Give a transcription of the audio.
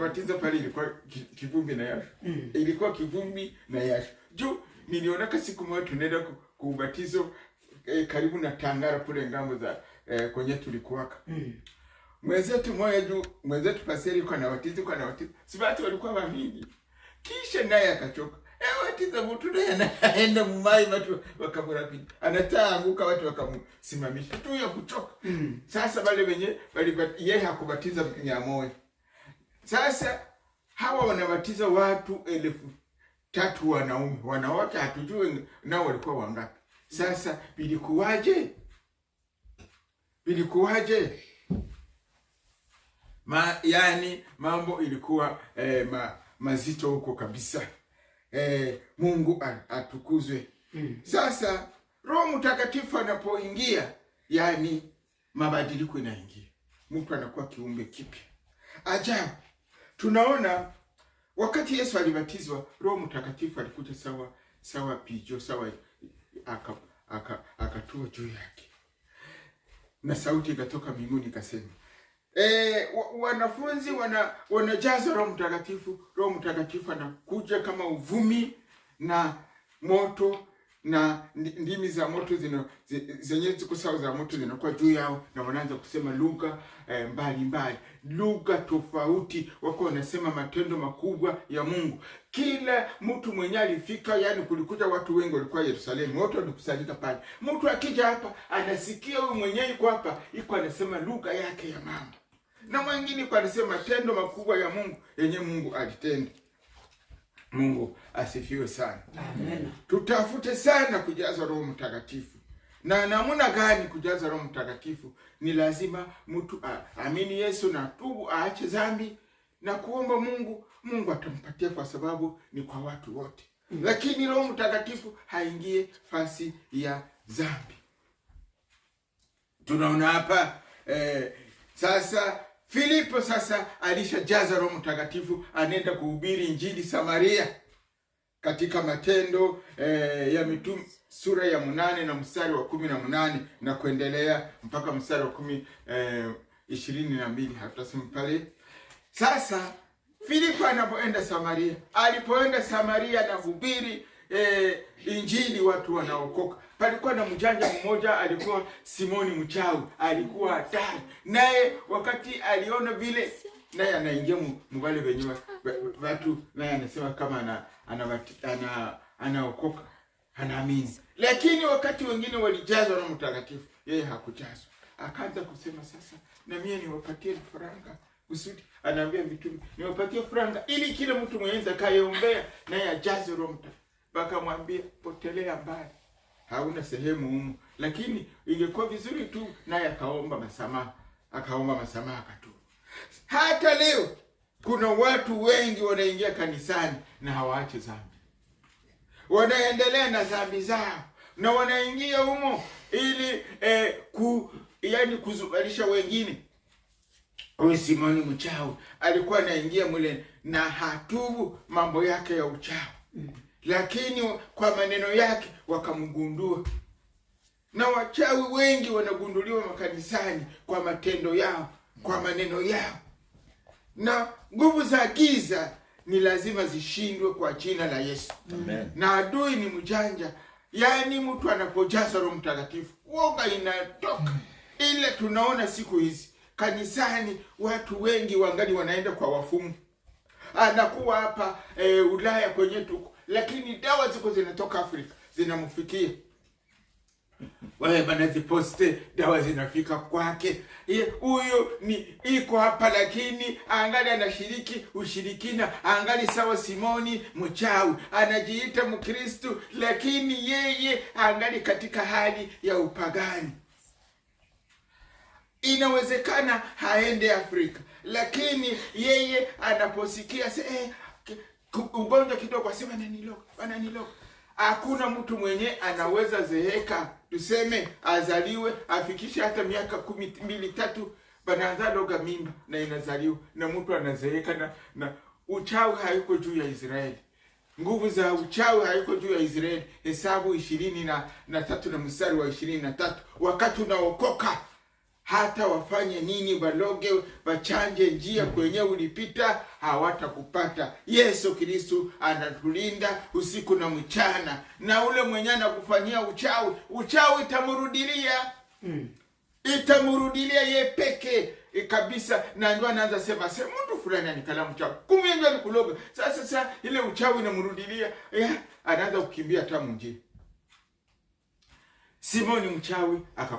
Matizo pale ilikuwa kivumbi na yasho. Mm. Ilikuwa kivumbi na yasho. Juu nilionaka siku moja tunaenda kubatizo eh, karibu na Tangara kule ngambo za eh, kwenye tulikuwaka. Mm. Mwenzetu moja juu mwenzetu paseri kwa na watizo kwa na watizo. Sibati walikuwa wamingi. Kisha naye akachoka. Eh, watiza mtu naye anaenda mumai watu anataa anguka watu wakamusimamisha Tu ya kuchoka. Mm. Sasa bale wenye wale yeye hakubatiza mia moja. Sasa hawa wanabatiza watu elfu tatu wanaume, wanawake hatujui nao walikuwa wangapi. Sasa vilikuwaje? Vilikuwaje? Ma, yani mambo ilikuwa eh, ma, mazito huko kabisa eh, Mungu atukuzwe. Hmm. Sasa Roho Mtakatifu anapoingia, yani mabadiliko inaingia, mtu anakuwa kiumbe kipya ajabu tunaona wakati Yesu alibatizwa, Roho Mtakatifu alikuja sawa sawa pijo sawa akatua aka, aka juu yake, na sauti ikatoka mbinguni ikasema E, wanafunzi wana wanajaza Roho Mtakatifu. Roho Mtakatifu anakuja kama uvumi na moto na ndimi za moto zino zenye ziko sawa za moto zinakuwa juu yao, na wanaanza kusema lugha eh, mbalimbali, lugha tofauti, wako wanasema matendo makubwa ya Mungu. Kila mtu mwenye alifika, yani kulikuja watu wengi walikuwa Yerusalemu, watu walikusanyika pale. Mtu akija hapa anasikia huyu mwenye iko hapa, iko anasema lugha yake ya mama, na mwingine iko anasema matendo makubwa ya Mungu yenye Mungu alitenda. Mungu asifiwe sana. Amen. Tutafute sana kujaza Roho Mtakatifu. Na namuna gani kujaza Roho Mtakatifu? Ni lazima mtu aamini Yesu na tubu, aache zambi na kuomba Mungu. Mungu atampatia kwa sababu ni kwa watu wote. Mm. Lakini Roho Mtakatifu haingie fasi ya zambi Tunaona hapa eh, sasa Filipo sasa alishajaza Roho Mtakatifu, anaenda kuhubiri injili Samaria. Katika Matendo eh, ya Mitume sura ya mnane na mstari wa kumi na mnane na kuendelea mpaka mstari wa kumi eh, ishirini na mbili hatusemi pale. Sasa Filipo anapoenda Samaria, alipoenda Samaria na hubiri eh, injili watu wanaokoka. Palikuwa na mjanja mmoja alikuwa Simoni mchawi, alikuwa hatari naye, wakati aliona vile naye anaingia mbali venye watu, naye anasema kama ana, ana, ana, anaokoka anaamini, lakini wakati wengine walijazwa na Mtakatifu, yeye hakujazwa. Akaanza kusema sasa, na mimi niwapatie faranga kusudi anaambia mitume niwapatie faranga ili kila mtu mwenyeza kayeombea naye ajaze Roho Mtakatifu wakamwambia potelea mbali, hauna sehemu humu. Lakini ingekuwa vizuri tu naye akaomba masamaha, akaomba masamaha akatubu. Hata leo kuna watu wengi wanaingia kanisani na hawaache dhambi, wanaendelea na dhambi zao na wanaingia humo ili eh, ku, yani kuzubalisha wengine. Huyu Simoni mchawi alikuwa anaingia mule na hatubu mambo yake ya uchawi. Mm lakini kwa maneno yake wakamgundua. Na wachawi wengi wanagunduliwa makanisani kwa matendo yao, kwa mm. maneno yao. Na nguvu za giza ni lazima zishindwe kwa jina la Yesu. Amen. Na adui ni mjanja, yaani mtu anapojaza Roho Mtakatifu woga inatoka. Mm. Ile tunaona siku hizi kanisani, watu wengi wangali wanaenda kwa wafumu. Anakuwa hapa e, Ulaya kwenye tuko lakini dawa ziko zinatoka Afrika zinamfikia wale wanaziposte dawa zinafika kwake. Huyu ni iko hapa, lakini angali anashiriki ushirikina, angali sawa Simoni mchawi, anajiita Mkristu, lakini yeye angali katika hali ya upagani. Inawezekana haende Afrika, lakini yeye anaposikia se, eh, ugonjwa kidogo, asema ananiloga, Hakuna mtu mwenye anaweza zeeka, tuseme azaliwe afikishe hata miaka kumi mbili tatu, banaanza loga mimba na inazaliwa na mtu anazeeka na, na uchawi haiko juu ya Israeli nguvu za uchawi haiko juu ya Israeli. Hesabu ishirini na, na tatu na mstari wa ishirini na tatu wakati unaokoka hata wafanye nini, baloge bachanje njia hmm. kwenye ulipita hawatakupata. Yesu Kristu anatulinda usiku na mchana, na ule mwenye anakufanyia uchawi, uchawi itamrudilia mm. Itamurudilia hmm. ye peke e, kabisa, na ndio anaanza sema sema mtu fulani anikala mchawi, kumi ndio alikuloga. Sasa sasa ile uchawi inamrudilia, anaanza kukimbia tamu nje Simoni mchawi aka